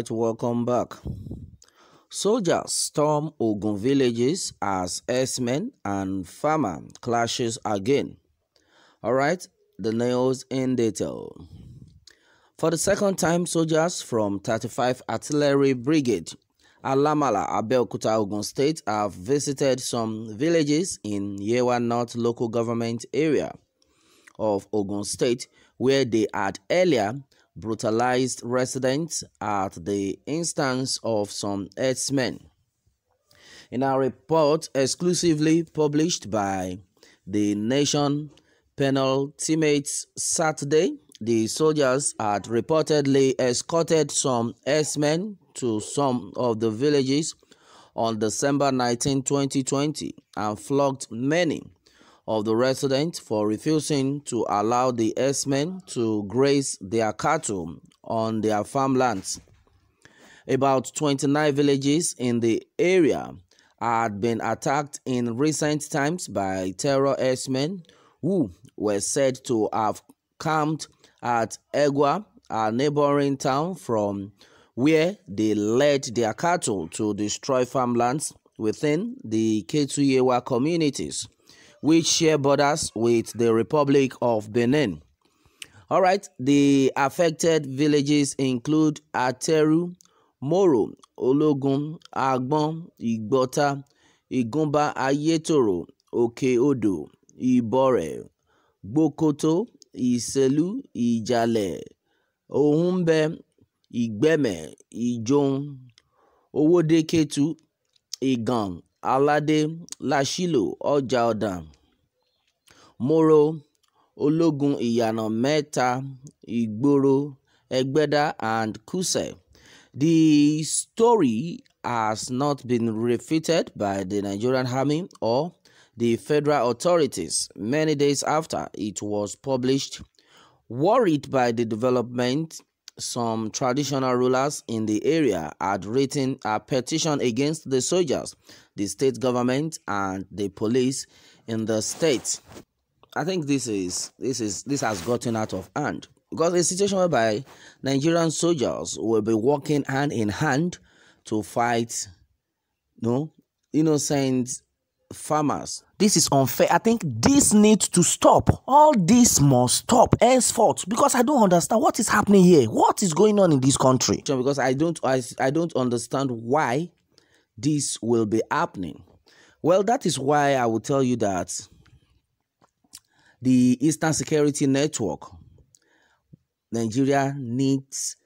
right, welcome back. Soldiers storm Ogun villages as herdsmen and farmer clashes again. All right, the news in detail. For the second time, soldiers from 35 Artillery Brigade Alamala, Abeokuta, Ogun State have visited some villages in Yewa North local government area of Ogun State where they had earlier brutalized residents at the instance of some herdsmen. In a report, exclusively published by The Nation Teammates Saturday, the soldiers had reportedly escorted some herdsmen to some of the villages on December 19, 2020 and flogged many of the residents for refusing to allow the herdsmen to graze their cattle on their farmlands. About 29 villages in the area had been attacked in recent times by terror herdsmen who were said to have camped at Egua, a neighboring town from where they led their cattle to destroy farmlands within the k Ketuyewa communities. which share borders with the Republic of Benin. All right, the affected villages include Ateru, Moro, Ologun, Agbon, Igbota, Igumba Ayetoro, Oke Odo, Ibore, Gbokoto, Iselu, Ijale, Ohumbe, Igbeme, Ijon, Owodeketu, Igang. Alade, làṣìlò ọjà ọ̀dàn mòro ológun ìyànà mẹ́ta ìgboro ẹgbẹ́dá and kusẹ. The story has not been refuted by the Nigerian army or the federal authorities many days after it was published. Worried by the development some traditional rulers in the area had written a petition against the soldiers, the state government, and the police in the state. I think this is this is this has gotten out of hand because a situation whereby Nigerian soldiers will be working hand in hand to fight, you no, know, innocent farmers this is unfair. I think this needs to stop. All this must stop henceforth because I don't understand what is happening here. What is going on in this country? Because I don't, I, I don't understand why this will be happening. Well, that is why I will tell you that the Eastern Security Network, Nigeria needs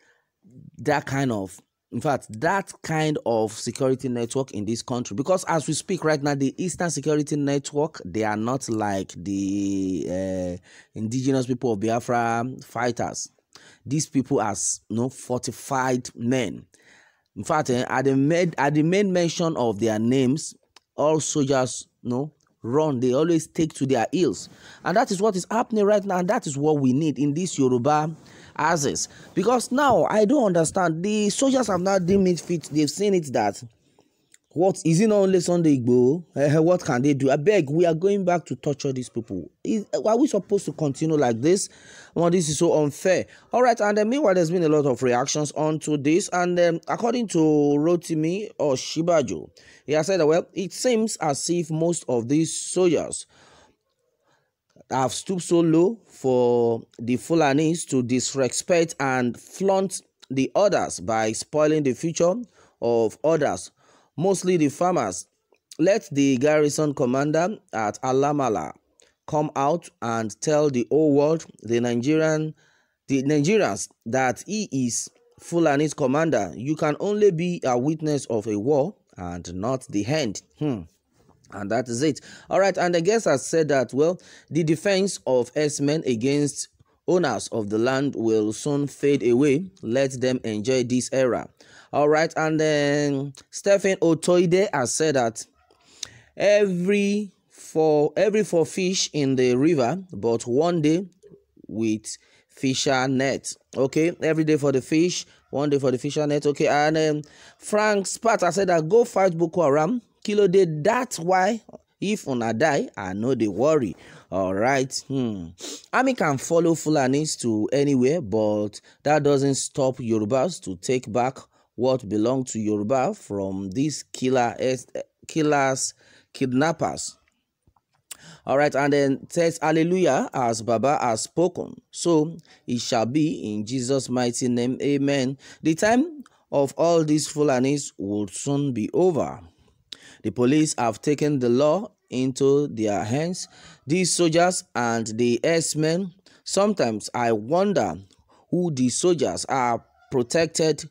that kind of in fact, that kind of security network in this country, because as we speak right now, the Eastern Security Network, they are not like the uh, indigenous people of Biafra fighters. These people are you know, fortified men. In fact, eh, at, the made, at the main mention of their names, all soldiers you know, run. They always take to their heels. And that is what is happening right now. And that is what we need in this Yoruba as Because now I don't understand. The soldiers have not deemed it fit. They've seen it that what is it not only Sunday Igbo? Uh, eh, what can they do? I beg, we are going back to torture these people. Is, are we supposed to continue like this? Well, this is so unfair. All right, and then meanwhile, there's been a lot of reactions onto this. And um, according to Rotimi or Shibajo, he has said, well, it seems as if most of these soldiers have stooped so low for the Fulanis to disrespect and flaunt the others by spoiling the future of others, mostly the farmers. Let the garrison commander at Alamala come out and tell the whole world, the Nigerian, the Nigerians, that he is Fulani's commander. You can only be a witness of a war and not the end. Hmm. And that is it. All right. And the guest has said that, well, the defense of S men against owners of the land will soon fade away. Let them enjoy this era. All right. And then Stephen Otoide has said that every for every four fish in the river, but one day with fisher net. Okay. Every day for the fish, one day for the fisher net. Okay. And then um, Frank Sparta said that go fight Boko Haram Kilode, that's why if una die, I know they worry. All right. Hmm. Army can follow Fulanis to anywhere, but that doesn't stop Yorubas to take back what belong to Yoruba from these killer killers, kidnappers. All right, and then says Hallelujah as Baba has spoken. So it shall be in Jesus' mighty name. Amen. The time of all these Fulanis will soon be over. The police have taken the law into their hands. These soldiers and the herdsmen, sometimes I wonder who the soldiers are protected,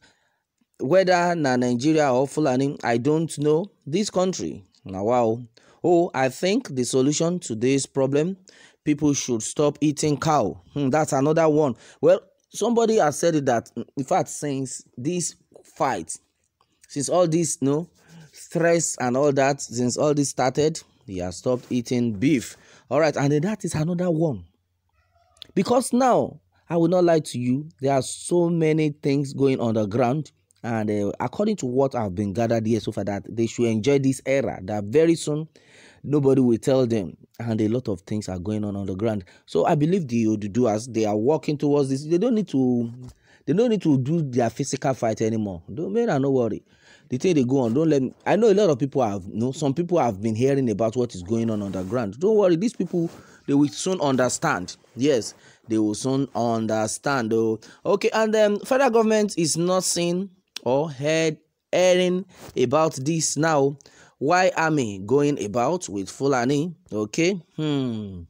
whether na Nigeria or Fulani, I don't know. This country, now wow. Oh, I think the solution to this problem, people should stop eating cow. Hmm, that's another one. Well, somebody has said that, in fact, since this fight, since all this, no, stress and all that since all this started he has stopped eating beef all right and that is another one because now i will not lie to you there are so many things going on the ground and uh, according to what i've been gathered here so far that they should enjoy this era that very soon nobody will tell them and a lot of things are going on on the ground so i believe the as they are working towards this they don't need to they don't need to do their physical fight anymore don't matter no worry the thing they go on don't let me i know a lot of people have you know some people have been hearing about what is going on underground don't worry these people they will soon understand yes they will soon understand oh okay and then um, federal government is not seen or heard hearing about this now why army going about with fulani okay hmm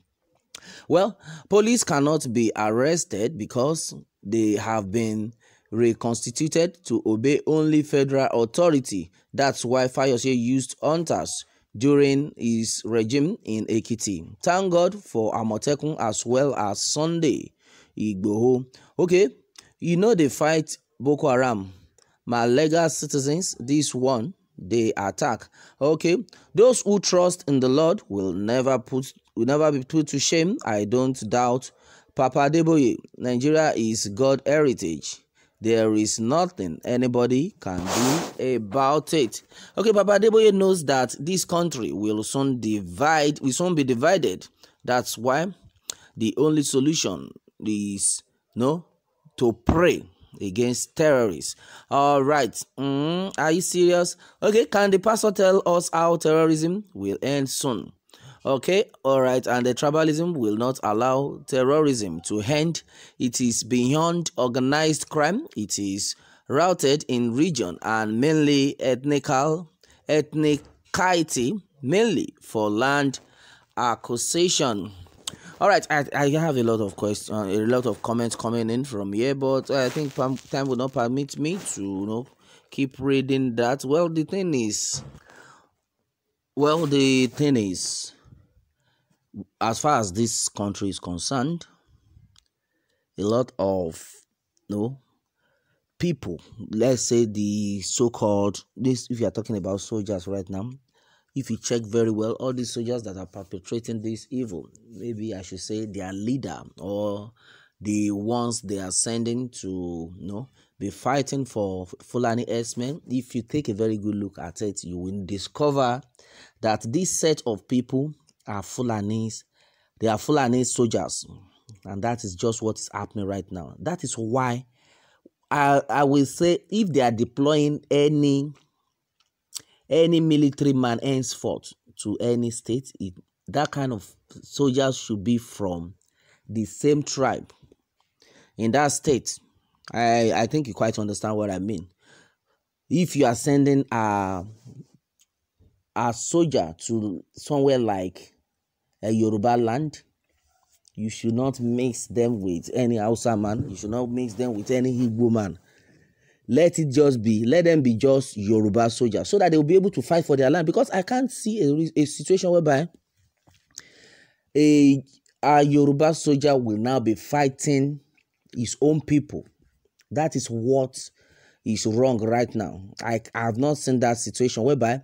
well police cannot be arrested because they have been reconstituted to obey only federal authority. That's why Fayose used hunters during his regime in Ekiti. Thank God for Amotekun as well as Sunday Igboho. Okay, you know they fight Boko Haram. Malaga citizens, this one, they attack. Okay, those who trust in the Lord will never put will never be put to shame. I don't doubt. Papa Deboye, Nigeria is God heritage. There is nothing anybody can do about it. Okay, Papa Deboye knows that this country will soon divide, will soon be divided. That's why the only solution is no to pray against terrorists. All right. Mm, are you serious? Okay, can the pastor tell us how terrorism will end soon? Okay, all right, and the tribalism will not allow terrorism to end. It is beyond organized crime. It is routed in region and mainly ethnical ethnicity, mainly for land acquisition. All right, I, I have a lot of questions, uh, a lot of comments coming in from here, but I think time will not permit me to you know keep reading that. Well, the thing is, well, the thing is, as far as this country is concerned, a lot of you know, people, let's say the so-called this, if you are talking about soldiers right now, if you check very well, all these soldiers that are perpetrating this evil, maybe I should say their leader or the ones they are sending to you know be fighting for Fulani S-men. If you take a very good look at it, you will discover that this set of people are Fulanis, they are Fulani soldiers, and that is just what is happening right now. That is why I I will say if they are deploying any any military man henceforth to any state, it, that kind of soldiers should be from the same tribe in that state. I I think you quite understand what I mean. If you are sending a a soldier to somewhere like A eh, Yoruba land. You should not mix them with any Hausa man. You should not mix them with any Igbo man. Let it just be. Let them be just Yoruba soldiers so that they will be able to fight for their land. Because I can't see a, a situation whereby a, a Yoruba soldier will now be fighting his own people. That is what is wrong right now. I, I have not seen that situation whereby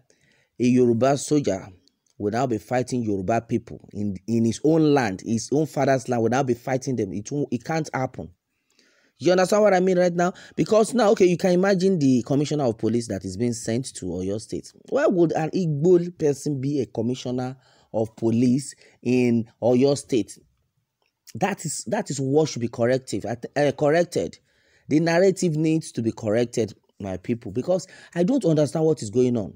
a Yoruba soldier will now be fighting Yoruba people in, in his own land, his own father's land, will now be fighting them. It, won't, it can't happen. You understand what I mean right now? Because now, okay, you can imagine the commissioner of police that is being sent to Oyo State. Why would an Igbo person be a commissioner of police in Oyo State? That is that is what should be corrective, uh, corrected. The narrative needs to be corrected, my people, because I don't understand what is going on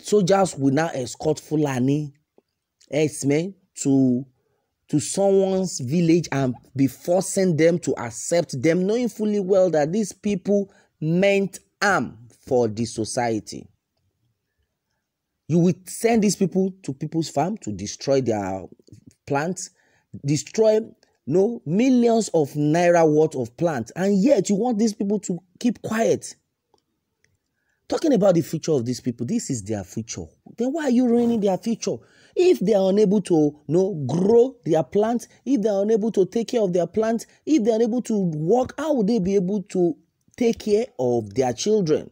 soldiers will now escort Fulani herdsmen eh, to to someone's village and be forcing them to accept them, knowing fully well that these people meant harm for the society. You will send these people to people's farm to destroy their plants, destroy no millions of naira worth of plants, and yet you want these people to keep quiet talking about the future of these people, this is their future. Then why are you ruining their future? If they are unable to you know, grow their plant, if they are unable to take care of their plant, if they are unable to work, how would they be able to take care of their children?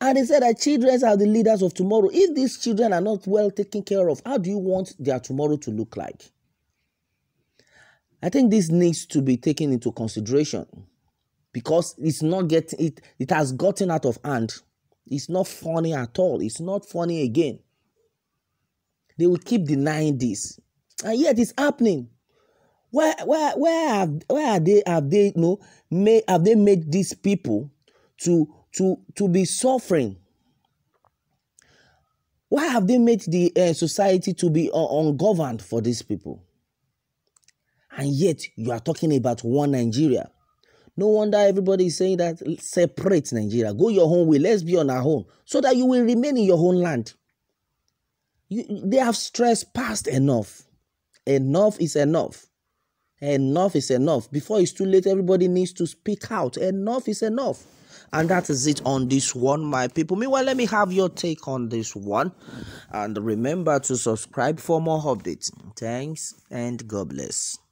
And they said that children are the leaders of tomorrow. If these children are not well taken care of, how do you want their tomorrow to look like? I think this needs to be taken into consideration because it's not getting it, it has gotten out of hand. It's not funny at all. It's not funny again. They will keep denying this. And yet it's happening. Where where where have where are they have they you know made have they made these people to to to be suffering? Why have they made the uh, society to be uh, ungoverned for these people? And yet you are talking about one Nigeria. No wonder everybody is saying that separate Nigeria. Go your own way. Let's be on our own so that you will remain in your own land. You, they have stressed past enough. Enough is enough. Enough is enough. Before it's too late, everybody needs to speak out. Enough is enough. And that is it on this one, my people. Meanwhile, let me have your take on this one. And remember to subscribe for more updates. Thanks and God bless.